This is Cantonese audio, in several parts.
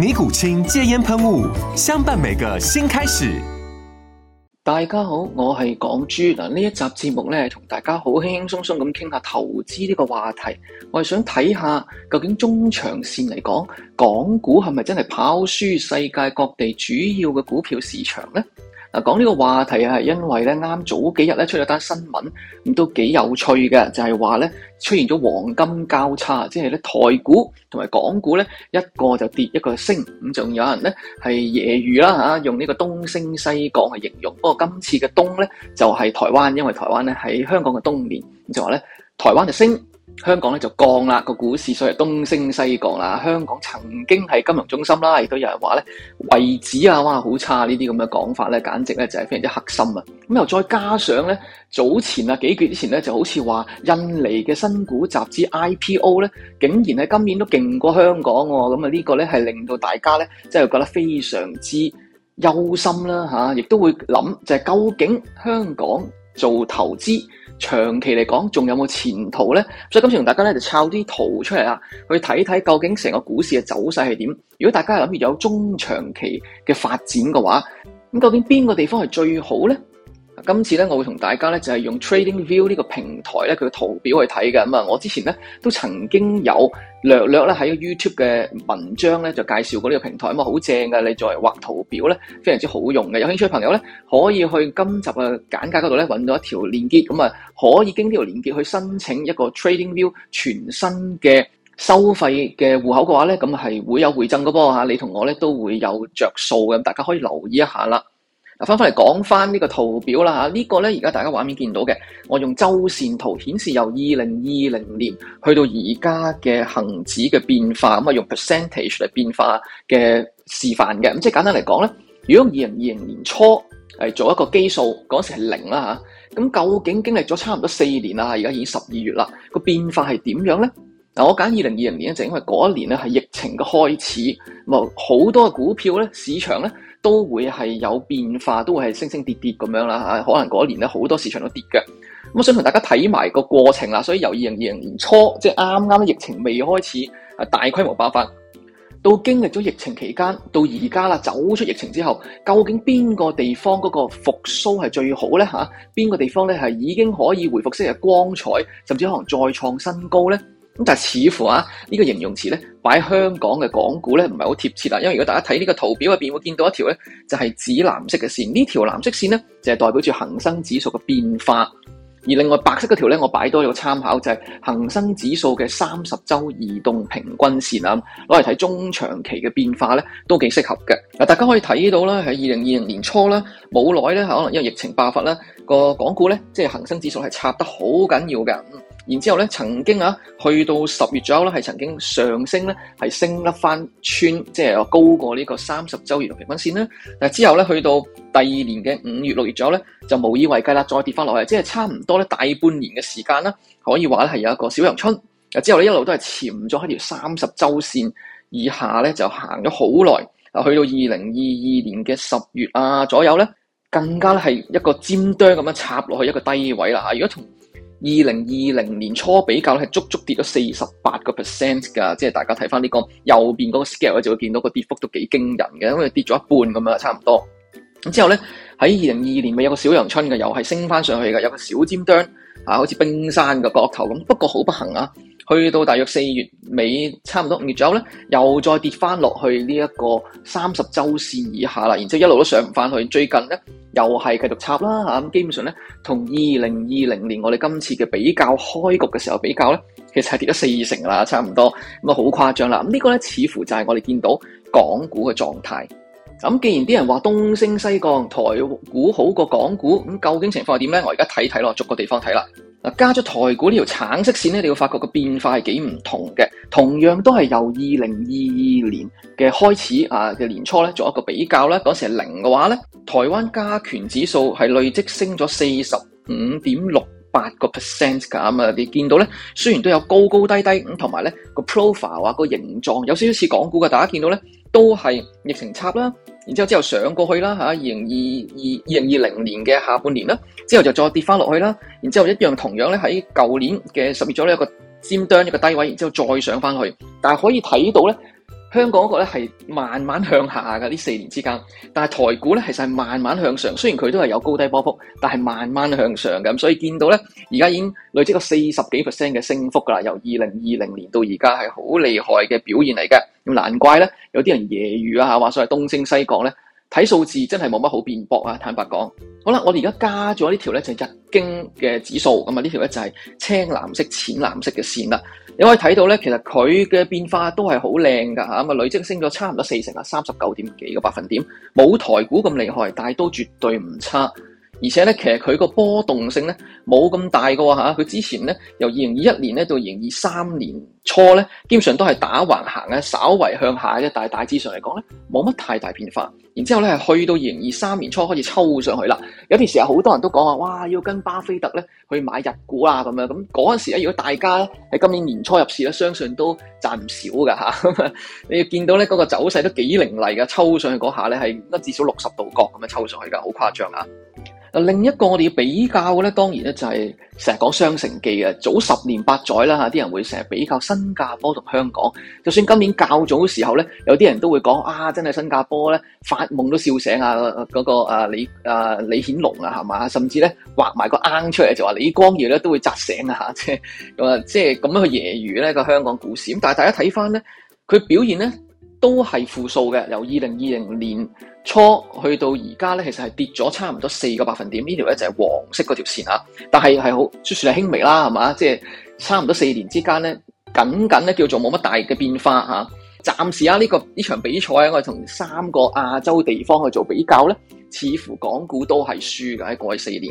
尼古清戒煙噴霧，相伴每個新開始。大家好，我係港豬嗱，呢一集節目咧，同大家好輕輕鬆鬆咁傾下投資呢個話題。我係想睇下，究竟中長線嚟講，港股係咪真係跑輸世界各地主要嘅股票市場咧？嗱，講呢個話題啊，係因為咧啱早幾日咧出咗單新聞，咁都幾有趣嘅，就係話咧出現咗黃金交叉，即係咧台股同埋港股咧一個就跌一個升，咁仲有人咧係揶揄啦吓，用呢個東升西降嚟形容。不、哦、過今次嘅東咧就係、是、台灣，因為台灣咧喺香港嘅東面，咁就話咧台灣就升。香港咧就降啦，個股市所以東升西降啦。香港曾經係金融中心啦，亦都有人話咧位置啊，哇，好差呢啲咁嘅講法咧，簡直咧就係非常之黑心啊！咁又再加上咧，早前啊幾個月之前咧，就好似話印尼嘅新股集資 IPO 咧，竟然喺今年都勁過香港，咁啊呢個咧係令到大家咧，真係覺得非常之憂心啦，吓！亦都會諗就係究竟香港做投資，長期嚟講，仲有冇前途咧？所以今次同大家咧就抄啲圖出嚟啊，去睇睇究竟成個股市嘅走勢係點。如果大家諗住有中長期嘅發展嘅話，咁究竟邊個地方係最好咧？今次咧，我會同大家咧就係、是、用 Trading View 呢個平台咧，佢嘅圖表去睇嘅。咁、嗯、啊，我之前咧都曾經有略略咧喺 YouTube 嘅文章咧就介紹過呢個平台，咁啊好正嘅，你作為畫圖表咧非常之好用嘅。有興趣嘅朋友咧，可以去今集嘅簡介嗰度咧揾到一條鏈接，咁、嗯、啊可以經呢條鏈接去申請一個 Trading View 全新嘅收費嘅戶口嘅話咧，咁、嗯、係會有回贈嘅波吓，你同我咧都會有着數嘅，大家可以留意一下啦。翻翻嚟講翻呢個圖表啦吓，這個、呢個咧而家大家畫面見到嘅，我用周線圖顯示由二零二零年去到而家嘅恒指嘅變化，咁啊用 percentage 嚟變化嘅示範嘅。咁即係簡單嚟講咧，如果二零二零年初係做一個基數，嗰時係零啦吓，咁究竟經歷咗差唔多四年啦，而家已經十二月啦，個變化係點樣咧？嗱，我揀二零二零年咧，就因為嗰一年咧係疫情嘅開始，咁啊好多嘅股票咧，市場咧。都會係有變化，都會係升升跌跌咁樣啦吓，可能嗰年咧好多市場都跌嘅。咁我想同大家睇埋個過程啦，所以由二零二零年初，即係啱啱疫情未開始啊大規模爆發，到經歷咗疫情期間，到而家啦走出疫情之後，究竟邊個地方嗰個復甦係最好咧吓？邊個地方咧係已經可以回復昔日光彩，甚至可能再創新高咧？咁似乎啊，呢個形容詞呢，擺香港嘅港股呢，唔係好貼切啦。因為如果大家睇呢個圖表入邊，會見到一條呢，就係紫藍色嘅線。呢條藍色線呢，就係代表住恒生指數嘅變化。而另外白色嗰條呢，我擺多咗參考，就係恒生指數嘅三十週移動平均線啊，攞嚟睇中長期嘅變化呢，都幾適合嘅。嗱，大家可以睇到啦，喺二零二零年初啦，冇耐呢，可能因為疫情爆發啦，個港股呢，即係恒生指數係插得好緊要嘅。然之後咧，曾經啊，去到十月左右咧，係曾經上升咧，係升得翻穿，即係高過呢個三十週月嘅平均線啦。但之後咧，去到第二年嘅五月六月左右咧，就無以為繼啦，再跌翻落去，即係差唔多咧，大半年嘅時間啦，可以話咧係有一個小陽春。啊之後咧，一路都係潛咗喺條三十週線以下咧，就行咗好耐。去到二零二二年嘅十月啊左右咧，更加係一個尖端咁樣插落去一個低位啦。如果從二零二零年初比較咧，係足足跌咗四十八個 percent 㗎，即係大家睇翻呢個右邊嗰個 scale 咧，就會見到個跌幅都幾驚人嘅，因為跌咗一半咁樣，差唔多。咁之後咧，喺二零二二年咪有個小陽春嘅，又係升翻上去嘅，有個小尖端，啊，好似冰山嘅角頭咁，不過好不幸啊。去到大約四月尾，差唔多五月左右咧，又再跌翻落去呢一個三十周線以下啦，然之後一路都上唔翻去，最近咧又係繼續插啦吓，咁基本上咧，同二零二零年我哋今次嘅比較開局嘅時候比較咧，其實係跌咗四成啦，差唔多咁啊，好誇張啦，咁、這個、呢個咧似乎就係我哋見到港股嘅狀態。咁既然啲人話東升西降，台股好過港股，咁究竟情況係點咧？我而家睇睇咯，逐個地方睇啦。嗱，加咗台股呢條橙色線咧，你要發覺個變化係幾唔同嘅。同樣都係由二零二二年嘅開始啊嘅、呃、年初咧，做一個比較咧，嗰時係零嘅話咧，台灣加權指數係累積升咗四十五點六。八個 percent 咁啊！你見到咧，雖然都有高高低低咁，同埋咧個 profile 啊個形狀有少少似港股嘅，大家見到咧都係疫情插啦，然之後之後上過去啦吓，二零二二二零二零年嘅下半年啦，之後就再跌翻落去啦，然之後一樣同樣咧，喺舊年嘅十月做咗一個尖端一個低位，然之後再上翻去，但係可以睇到咧。香港嗰個咧係慢慢向下嘅呢四年之間，但係台股咧其實係慢慢向上，雖然佢都係有高低波幅，但係慢慢向上，咁所以見到咧而家已經累積咗四十幾 percent 嘅升幅噶啦，由二零二零年到而家係好厲害嘅表現嚟嘅，咁難怪咧有啲人揶揄啊嚇話，所謂東升西降咧。睇數字真係冇乜好辯駁啊！坦白講，好啦，我哋而家加咗呢條咧就日經嘅指數咁啊，呢條咧就係青藍色、淺藍色嘅線啦。你可以睇到咧，其實佢嘅變化都係好靚噶嚇咁啊，累積升咗差唔多四成啊，三十九點幾個百分點，冇台股咁厲害，但係都絕對唔差。而且咧，其實佢個波動性咧冇咁大嘅喎嚇，佢之前咧由二零二一年咧到二零二三年初咧，基本上都係打橫行嘅，稍為向下嘅，但係大致上嚟講咧冇乜太大變化。然之後咧係去到二零二三年初開始抽上去啦，有段時候好多人都講話，哇，要跟巴菲特咧去買日股啊咁樣。咁嗰陣時咧，如果大家喺今年年初入市咧，相信都賺唔少㗎，啊。你要見到咧嗰、嗰個走勢都幾凌厲㗎，抽上去嗰下咧係得至少六十度角咁樣抽上去嘅，好誇張啊！另一個我哋要比較嘅咧，當然咧就係成日講《雙城記》嘅，早十年八載啦嚇，啲人會成日比較新加坡同香港。就算今年較早嘅時候咧，有啲人都會講啊，真係新加坡咧發夢都笑醒、那個、啊！嗰個啊李啊李顯龍啊，係嘛？甚至咧畫埋個鵪出嚟就話李光耀咧都會扎醒啊！嚇，即係咁啊，即係咁樣嘅揶揄咧個香港故事。咁但係大家睇翻咧，佢表現咧。都係負數嘅，由二零二零年初去到而家咧，其實係跌咗差唔多四個百分點。這條呢條咧就係黃色嗰條線啊。但係係好算係輕微啦，係嘛？即、就、係、是、差唔多四年之間咧，僅僅咧叫做冇乜大嘅變化吓。暫、啊、時啊，呢、這個呢場比賽啊，我哋同三個亞洲地方去做比較咧，似乎港股都係輸嘅。在過去四年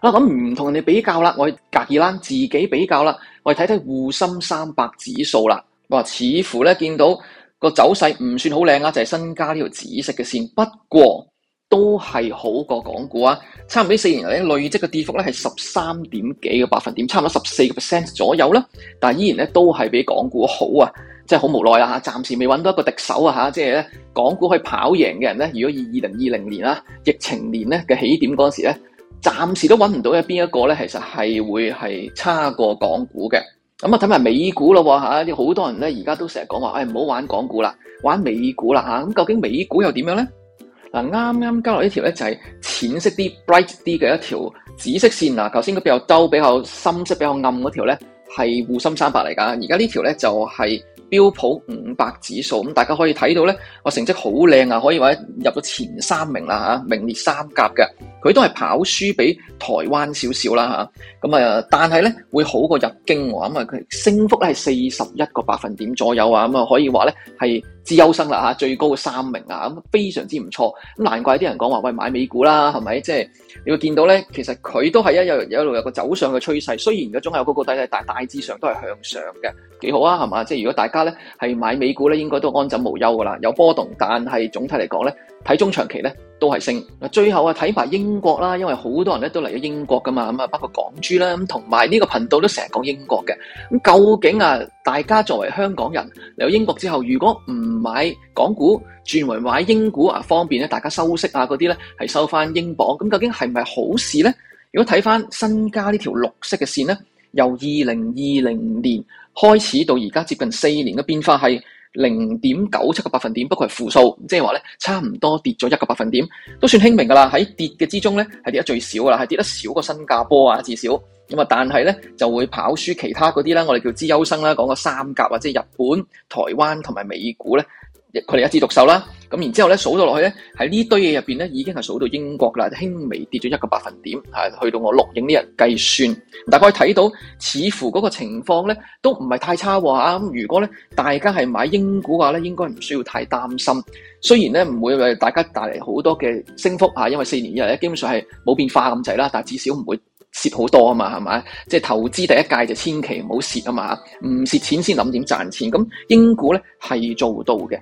啦，咁唔同你比較啦，我喺格爾蘭自己比較啦，我哋睇睇滬深三百指數啦，我、啊、似乎咧見到。個走勢唔算好靚啊，就係新加呢條紫色嘅線，不過都係好過港股啊！差唔多四年嚟，累積嘅跌幅咧，係十三點幾嘅百分點，差唔多十四個 percent 左右啦。但係依然咧都係比港股好啊！真係好無奈啊！暫時未揾到一個敵手啊！吓，即係咧港股可以跑贏嘅人咧，如果以二零二零年啦，疫情年咧嘅起點嗰時咧，暫時都揾唔到有邊一個咧，其實係會係差過港股嘅。咁啊，睇埋美股咯，吓，有好多人咧，而家都成日講話，誒、哎，唔好玩港股啦，玩美股啦，吓、啊，咁究竟美股又呢剛剛呢、就是、點樣咧？嗱，啱啱加落呢條咧就係淺色啲、bright 啲嘅一條紫色線嗱，頭先嗰比較粗、比較深色、比較暗嗰條咧係滬深三百嚟噶，而家呢條咧就係、是、標普五百指數，咁、嗯、大家可以睇到咧。我成績好靚啊，可以話入到前三名啦吓，名列三甲嘅，佢都係跑輸俾台灣少少啦吓，咁啊，但係咧會好過日經喎，咁啊佢升幅咧係四十一個百分點左右啊，咁、嗯、啊可以話咧係資優生啦吓，最高嘅三名啊，咁非常之唔錯。咁難怪啲人講話喂買美股啦，係咪？即、就、係、是、你會見到咧，其實佢都係一有，有，有，有，有一路有個走上嘅趨勢，雖然佢總係有高高低低嘅，但大致上都係向上嘅，幾好啊係嘛？即係、就是、如果大家咧係買美股咧，應該都安枕無憂噶啦，有波。但係總體嚟講咧，睇中長期咧都係升。嗱，最後啊睇埋英國啦，因為好多人咧都嚟咗英國噶嘛，咁啊包括港豬啦，咁同埋呢個頻道都成日講英國嘅。咁究竟啊，大家作為香港人嚟到英國之後，如果唔買港股，轉為買英股啊，方便咧大家收息啊嗰啲咧係收翻英鎊，咁究竟係唔係好事呢？如果睇翻新加呢條綠色嘅線呢，由二零二零年開始到而家接近四年嘅變化係。零點九七個百分點，不過係負數，即係話咧，差唔多跌咗一個百分點，都算輕微㗎啦。喺跌嘅之中咧，係跌得最少㗎啦，係跌得少過新加坡啊，至少咁啊。但係咧就會跑輸其他嗰啲啦，我哋叫資優生啦，講個三甲或者日本、台灣同埋美股咧，佢哋一枝獨秀啦。咁然之後咧，數咗落去咧，喺呢堆嘢入面咧，已經係數到英國啦，輕微跌咗一個百分點，啊、去到我錄影呢日計算，大概睇到似乎嗰個情況咧都唔係太差喎、啊、咁、啊、如果咧大家係買英股嘅話咧，應該唔需要太擔心。雖然咧唔會為大家帶嚟好多嘅升幅、啊、因為四年以嚟咧基本上係冇變化咁滯啦，但至少唔會蝕好多啊嘛，係咪？即係投資第一戒就千祈唔好蝕啊嘛，唔蝕錢先諗點賺錢。咁英股咧係做到嘅。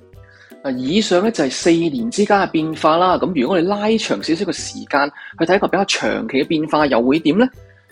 以上呢，就係四年之間嘅變化啦。咁如果我哋拉長少少嘅時間去睇一個比較長期嘅變化，又會點呢？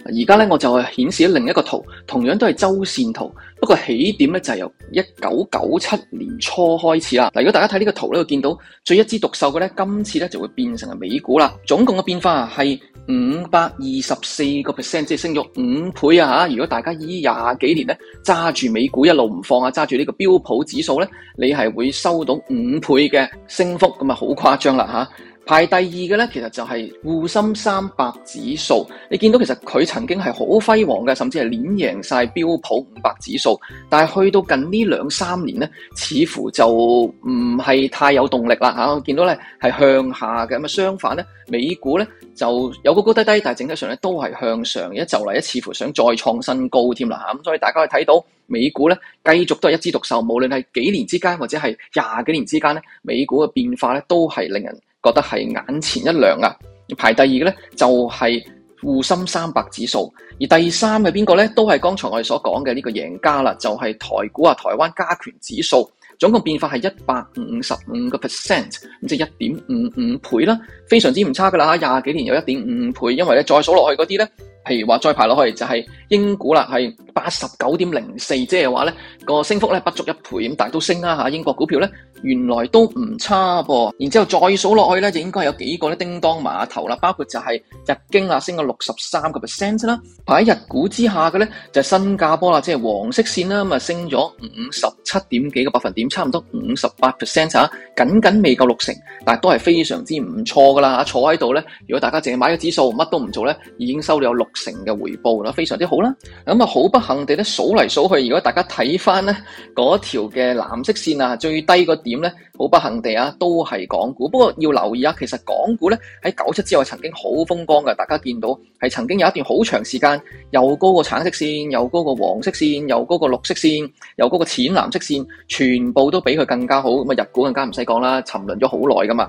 而家咧我就係顯示咗另一個圖，同樣都係周線圖，不過起點咧就係由一九九七年初開始啦。嗱，如果大家睇呢個圖咧，會見到最一枝獨秀嘅咧，今次咧就會變成係美股啦。總共嘅變化係五百二十四個 percent，即係升咗五倍啊！嚇，如果大家依廿幾年咧揸住美股一路唔放啊，揸住呢個標普指數咧，你係會收到五倍嘅升幅，咁啊好誇張啦嚇！排第二嘅咧，其實就係滬深三百指數。你見到其實佢曾經係好輝煌嘅，甚至係連贏晒標普五百指數。但係去到近呢兩三年咧，似乎就唔係太有動力啦、吓、我見到咧係向下嘅咁，相反咧美股咧就有個高低低，但係整體上咧都係向上。一就嚟一，似乎想再創新高添啦吓。咁所以大家可以睇到美股咧，繼續都係一枝獨秀。無論係幾年之間或者係廿幾年之間咧，美股嘅變化咧都係令人覺得係眼前一亮啊！排第二嘅咧就係滬深三百指數，而第三係邊個咧？都係剛才我哋所講嘅呢個贏家啦，就係、是、台股啊，台灣加權指數，總共變化係一百五十五個 percent，咁即係一點五五倍啦，非常之唔差噶啦，廿幾年有一點五五倍，因為咧再數落去嗰啲咧，譬如話再排落去就係英股啦，係。八十九點零四，04，即係話呢個升幅呢，不足一倍咁，但係都升啦吓。英國股票呢，原來都唔差噃，然之後再數落去呢，就應該有幾個叮噹碼頭啦，包括就係日經啊，升咗六十三個 percent 啦。排喺日股之下嘅呢，就係新加坡啦，即係黃色線啦，咁啊升咗五十七點幾個百分點，差唔多五十八 percent 吓，僅僅未夠六成，但係都係非常之唔錯噶啦。坐喺度呢，如果大家淨係買個指數，乜都唔做呢，已經收到有六成嘅回報啦，非常之好啦。咁啊好不？幸地咧，數嚟數去，如果大家睇翻咧嗰條嘅藍色線啊，最低個點咧，好不幸地啊，都係港股。不過要留意啊，其實港股咧喺九七之後，曾經好風光嘅。大家見到係曾經有一段好長時間，又高過橙色線，又高過黃色線，又高過綠色線，又嗰個淺藍色線，全部都比佢更加好。咁啊，日股更加唔使講啦，沉淪咗好耐噶嘛。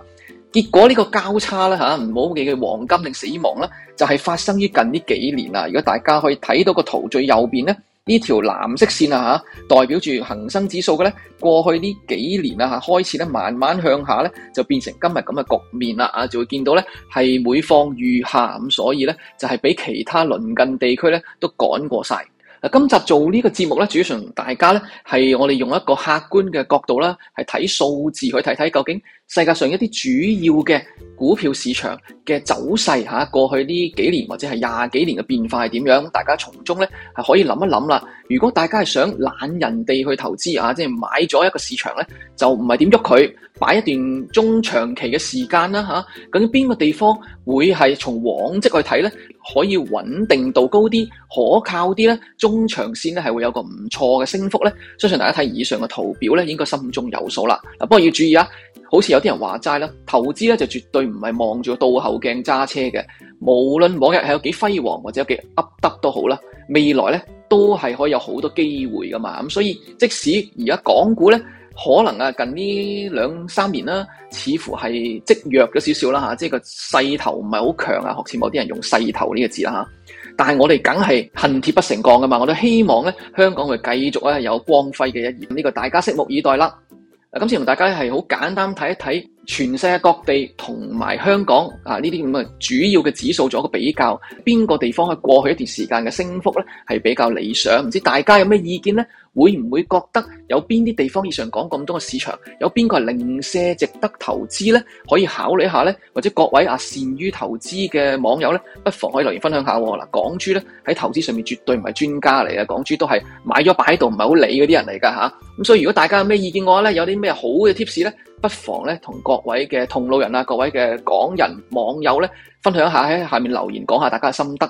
結果呢個交叉啦吓，唔好記嘅，黃金定死亡啦，就係發生於近呢幾年啦。如果大家可以睇到個圖最右邊咧，呢條藍色線啊吓，代表住恒生指數嘅咧，過去呢幾年啊吓，開始咧慢慢向下咧，就變成今日咁嘅局面啦啊，就會見到咧係每況愈下，咁所以咧就係俾其他鄰近地區咧都趕過晒。嗱，今集做呢個節目咧，主要同大家咧係我哋用一個客觀嘅角度啦，係睇數字去睇睇究竟世界上一啲主要嘅股票市場嘅走勢下、啊、過去呢幾年或者係廿幾年嘅變化係點樣？大家從中咧係可以諗一諗啦。如果大家係想懶人哋去投資啊，即係買咗一個市場咧，就唔係點喐佢，擺一段中長期嘅時間啦嚇。咁、啊、邊個地方會係從往績去睇咧？可以穩定度高啲、可靠啲咧，中長線咧係會有個唔錯嘅升幅咧。相信大家睇以上嘅圖表咧，應該心中有數啦。不過要注意啊，好似有啲人話齋啦，投資咧就絕對唔係望住個倒後鏡揸車嘅。無論往日係有幾輝煌或者有幾噏得都好啦，未來咧都係可以有好多機會噶嘛。咁所以即使而家港股咧，可能啊，近呢兩三年啦，似乎係積弱咗少少啦嚇，即係個勢頭唔係好強啊，學似某啲人用勢頭呢個字啦嚇。但係我哋梗係恨鐵不成鋼噶嘛，我都希望咧香港會繼續咧有光輝嘅一頁。呢個大家拭目以待啦。今次同大家係好簡單睇一睇全世界各地同埋香港啊呢啲咁嘅主要嘅指數做一個比較，邊個地方喺過去一段時間嘅升幅咧係比較理想？唔知大家有咩意見咧？會唔會覺得有邊啲地方以上講咁多嘅市場，有邊個係零舍值得投資呢？可以考慮一下呢？或者各位啊善於投資嘅網友呢，不妨可以留言分享下。嗱，港豬呢，喺投資上面絕對唔係專家嚟嘅，港豬都係買咗擺喺度，唔係好理嗰啲人嚟㗎吓。咁所以如果大家有咩意見嘅話呢，有啲咩好嘅 tips 呢，不妨呢，同各位嘅同路人啊，各位嘅港人網友呢，分享下喺下面留言，講下大家嘅心得。